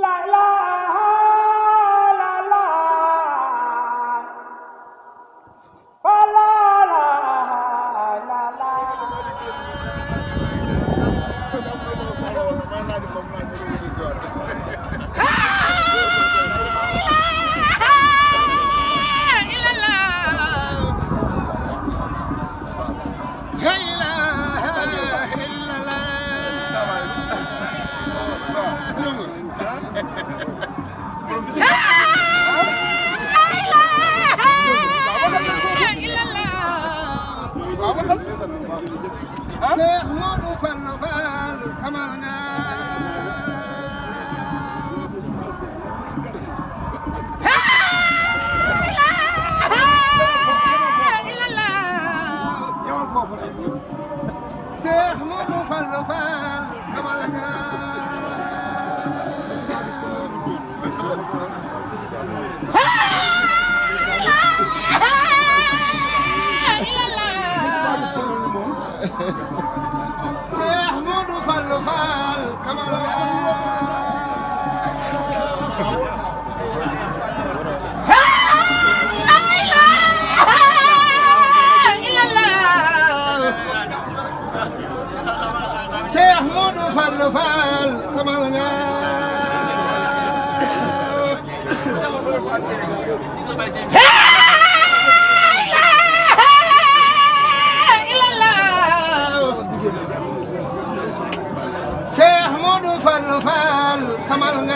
来啦！malah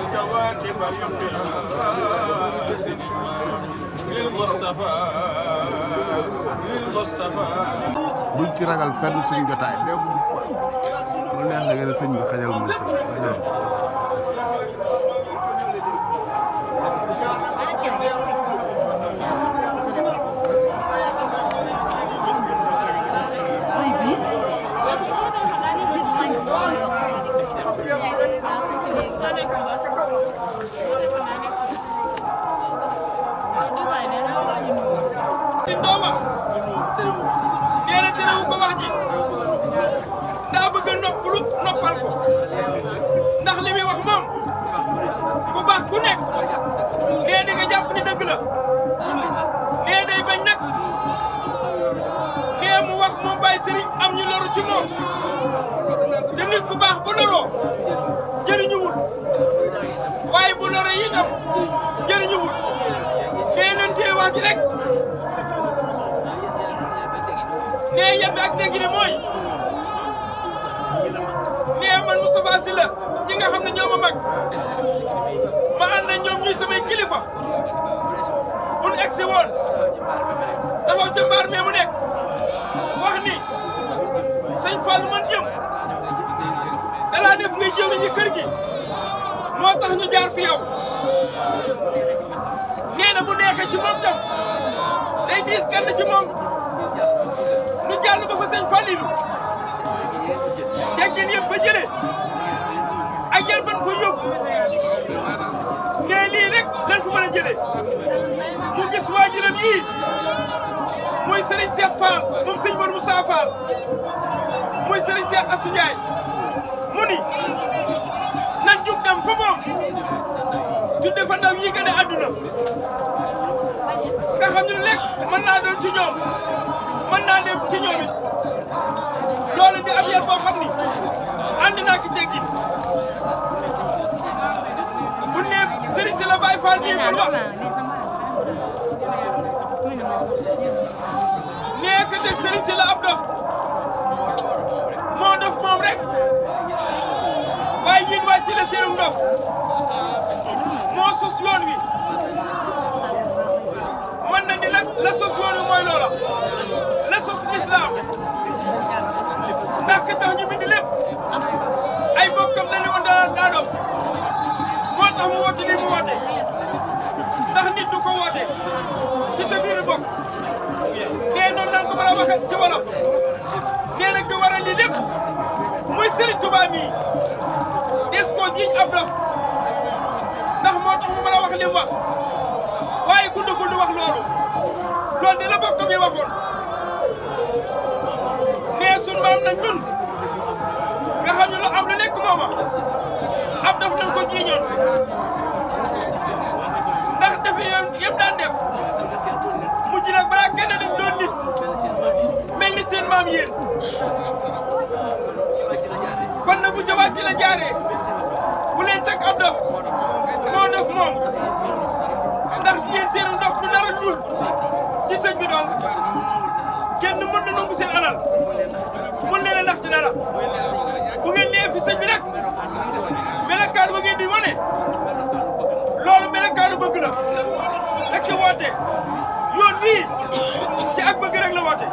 الكواكب اليفاس للمصطفى للمصطفى buñ ci ragal fenn suñu jotaay léegi bu neex la nga ne sëñ bi xajal mu sëriñ am ñu loru ci te nit ku baax bu loroo jëriñuwul waaye bu loroo itam jëriñuwul nee nañ tee wax ji rek nee yebbe ak teggi ni nee man Moustapha Sylla ñi xam ne ñoo ma mag ma ànd na ñoom ñuy samay kilifa sëñ Fallou man jëm dalaa def ngay jëw ci kër gi moo tax ñu jaar fi yow nee na bu neexee ci moom tam day diis kenn ci moom ñu jàll ba fa sëñ Fallilou teggin yëpp fa jëlee ak yar ban fa yóbbu ne lii rek lan fi mën a jëlee mu gis waajuram yii muy Serigne Seck Fall moom sëñ Mor Moussa Fall muy Serigne Cheikh Assou Ndiaye mu nan jug dem fa moom yi gën a àdduna nga xam ne lekk naa doon ci ñoom mën naa dem ci ñoom it loolu ab yar boo xam ni naa ki teggin bu ne Serigne si la Baye Fall bii bul nee que de Serigne si la Pikine waaye ci la moo sos yoon wi mën na la sos yoon wi mooy loola la sos l'islam ndax ka tax ñu bind lépp ay bokkam dañu woon daal daa moo tax mu woote lii mu nit du ko woote ci sa biir nee noonu nan ko a waxee ci nee na ko waral lii lépp muy Serigne Touba jiiñ ab dof ndax moo tax mu a wax li wax waaye gund wax loolu loolu de la bokk mi waxoon mais sun maam nag ñun nga xam ne lu am lu nekk mooma ab dof lañ ko jiiñoon ndax defi yoon yëpp daan def mujj nag balaa kenn def nit mel ni seen maam yéen kon nag bu ca wàcc la leen teg ab dof moo dof moom ndax yéen seen ndox du dara ñuul ci sëñ bi donc kenn mën na nangu seen alal mën leen a ndax ci dara bu ngeen ñëwee fi sëñ bi rek melokaanu ba ngeen di wane loolu melokaanu bëgg la rek ci woote yoon ci ak bëgg rek la woote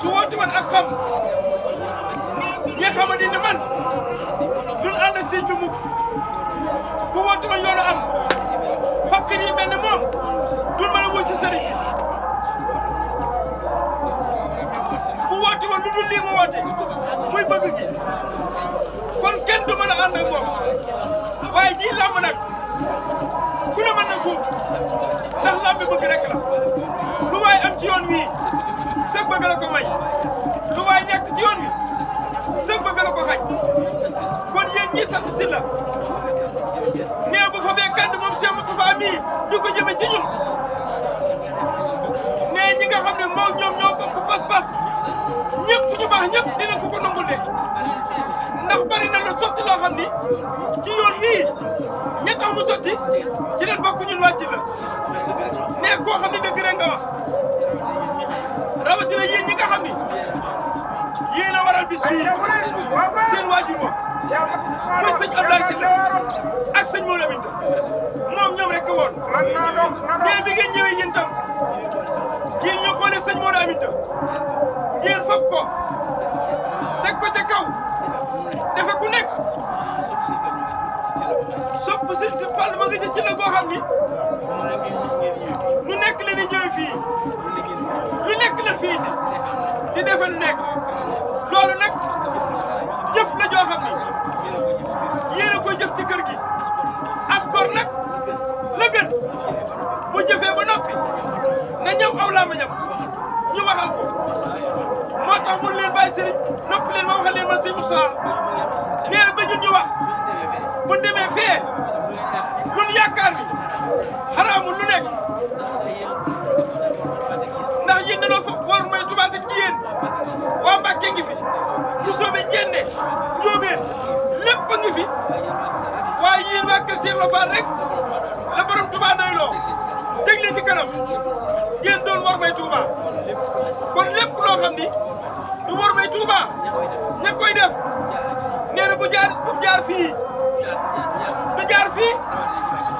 su woote woon ak xam nga xamante ni man. sa bëgg lu waay am ci yoon wii sa bëgg ko may lu waay nekk ci yoon wi sa bëgg ko xañ kon yéen ñi sant si la nee bu fa bee kaddu moom Cheikh Moustapha mii du ko jëme ci ñun nee ñi nga ne moom ñoom ñoo bokk pas-pas ñëpp ñu baax ñëpp dina ko ko nangul de ndax bari na la sotti loo ni ci yoon wii ña tax sotti ci leen bokk ñun wàcc la leen koo xam ne dëgg rek nga wax rawatina nga xam ni yéen a waral bis bii seen waajur moom muy sëñ Abdoulaye Sylla ak sëñ Mawla Binta moom ñoom rek woon mais bi ngeen ñëwee yéen tam ngeen ñoo xoolee sëñ Mawla Aminta ngeen fab ko teg ko ca ku nekk sopp si fàll ma nga jël ci la xam ni. di defal nekk loolu nag jëf la joo xam ni yéen jëf ci kër gi askor nag la gën bu jëfee ba noppi na aw laama ñam ñu waxal ko moo tax mun leen bàyyi sëriñ noppi ma waxal leen man sëriñ Moussa nee na ñu wax bu demee fee lu ñu yaakaar ni xaraamu lu nekk ak yéen waa Mbàkke ngi fi mu soobe njenne njóobeen lépp ngi fi waaye yéen waa kër Cheikh Ibra Fall rek borom Touba doy loo teg leen ci doon war may kon lépp loo ni du war may Touba koy def nee na bu jaar fii da jaar fii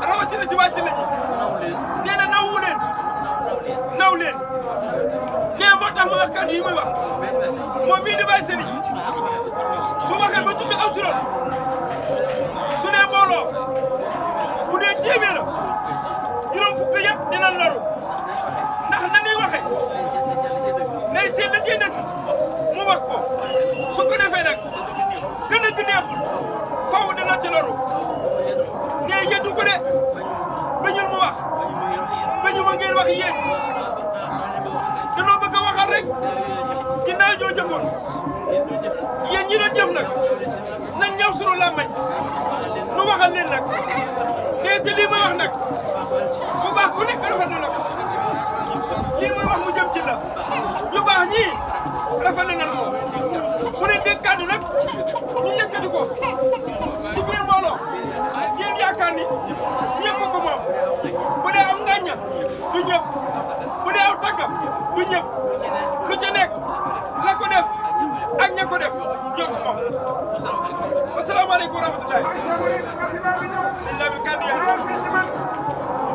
rawatina ci wàcc nañu nee na nawu leen naw leen nee na moo tax ma wax kàddu yi muy wax moom mii di bàyyi sëriñ su waxee ba tudd aw turam su nee mbooloo bu dee téeméer juróom fukk yëpp dina loru ndax na ñuy waxee nay seet la cee dëkk mu wax ko yang yéen ñi doon jëf nag nañ ñëw sunu làmmañ nu waxal leen nag dee te lii may wax nag bu baax ku nekk rafetlu nag lii may wax mu jëm ci la ñu baax ñii rafetlu nañ ko bu leen dégg kàddu nag ñu yëkkati ko ci biir mbooloo yéen yaakaar ni ñëpp ko moom bu dee am ngàñña du ñëpp bu dee aw tagga du ñëpp lu ci nekk yaa ko def ak ña ko def ñoo ko moom asalaamaaleykum wa rahmatullahi sëñ Lamin kàddu yaa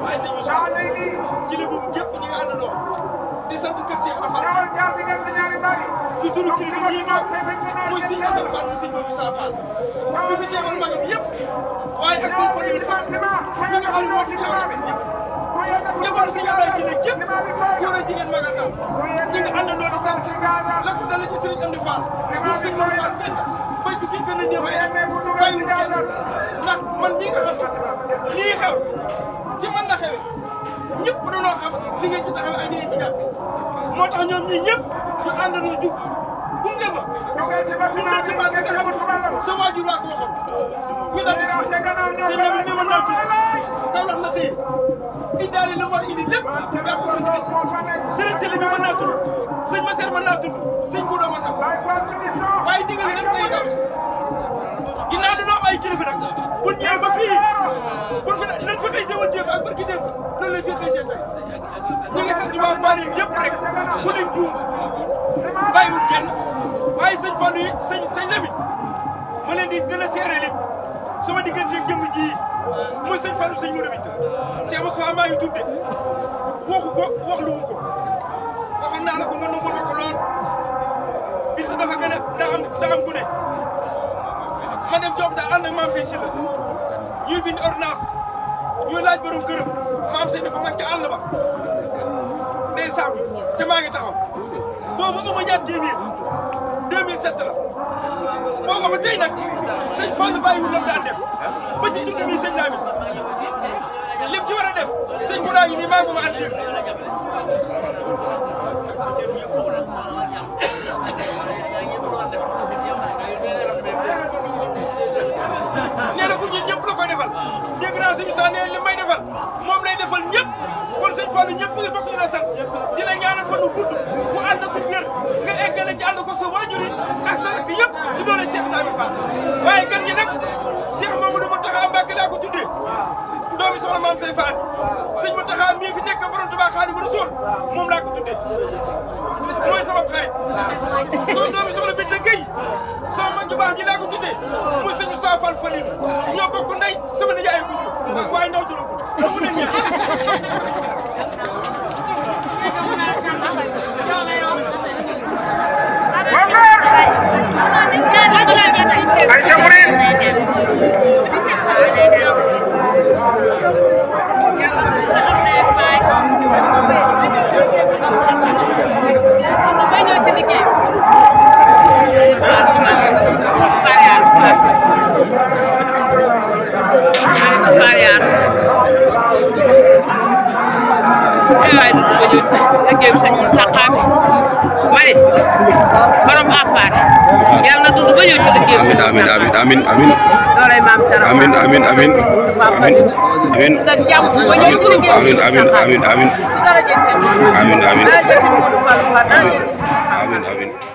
waaye sëñ Moussa ci la boobu gépp ñi nga àndandoo di sant kër Cheikh Afal ci turu kilifa yi toog muy sëñ Assane Fall muy sëñ Moussa Fall bi fi teewal magam yëpp waaye ak sëñ Fadil Fall mi nga xam ne moo fi teewal ñëpp njabootu si Ablaye si léegi yëpp góor a jigéen mag ak ndaw ñi nga di sant la ko dalee ci Serigne Amdi Fall moom Serigne Mor Fall benn ci kii gën a ñëw bàyyiwul kenn ndax man mii nga xam ne xew ci man la xewee ñëpp dañoo xam li ngeen ci taxaw ak li ci jàpp moo ñoom ñëpp ñu ma ñu nga xam sa ko ñu na indaale la war indi naa tudd sëñ ma seer mën naa tudd sëñ guudoo mën naa tudd waaye ndigal rek day daw si ginnaaw dañoo am ay kilifa nag bu ñëwee ba fii bu fi nañ fa xëy sewal jéem ak barki démb loolu lañ fi xëy seen tey ñu ngi sant waa Mali yëpp rek bu lim juum bàyyiwul kenn waaye yi sëñ sëñ ma leen di gën a seere leen sama diggante jëmm ji mooy sëñ Fallou sëñ Modou Binta Cheikh Moustapha maa ngi tuub de waxu ko wax lu mu ko waxoon naa la ko nga nangul ma ko lool Binta dafa gën a daa am ku ne ma dem Diop daal maam say ñuy bind ordonnance ñuy laaj borom këram maam say dafa mën ca àll ba day sàmm te maa ngi taxaw boobu amu ñaar téeméer 2007 la. moo ko ma tey nag sëñ Fallou bàyyiwul lam def ba ci tudd nii sëñ Lamine lim ci def sëñ Moura yi nii maa ngi ma ànd dégg nee na ku ñun ñëpp la koy defal dégg sëñ Fallou ñëpp nga bokk na sant di la ñaanal fa nu gudd bu ànd ko wér nga eggale ci ànd ko sa ak sa rakk yëpp di doole Cheikh Ibrahima Fall waaye gan ñi nag Cheikh Mamadou Mountakha Mbacké laa ko tuddee doomi soxna maam say faat sëñ Mountakha mii fi nekk borom Tuubaa Xaadimu Rasuul moom laa ko tuddee mooy sama xarit soo doomi soxna Binta Gueye sama mag ju baax ji laa ko tuddee muy sëñ Moussa Fall Falil ñoo bokk waaye ndaw ci la gudd amu ああ。borom affaire yàlla na dund ba yow ci liggéey bi. amiin amiin amiin amiin. doolay maam Sara amiin amiin amiin. amiin nga jàmm ba ñëw ci liggéey bi. amiin amiin amiin amiin. amiin amiin. amiin amiin.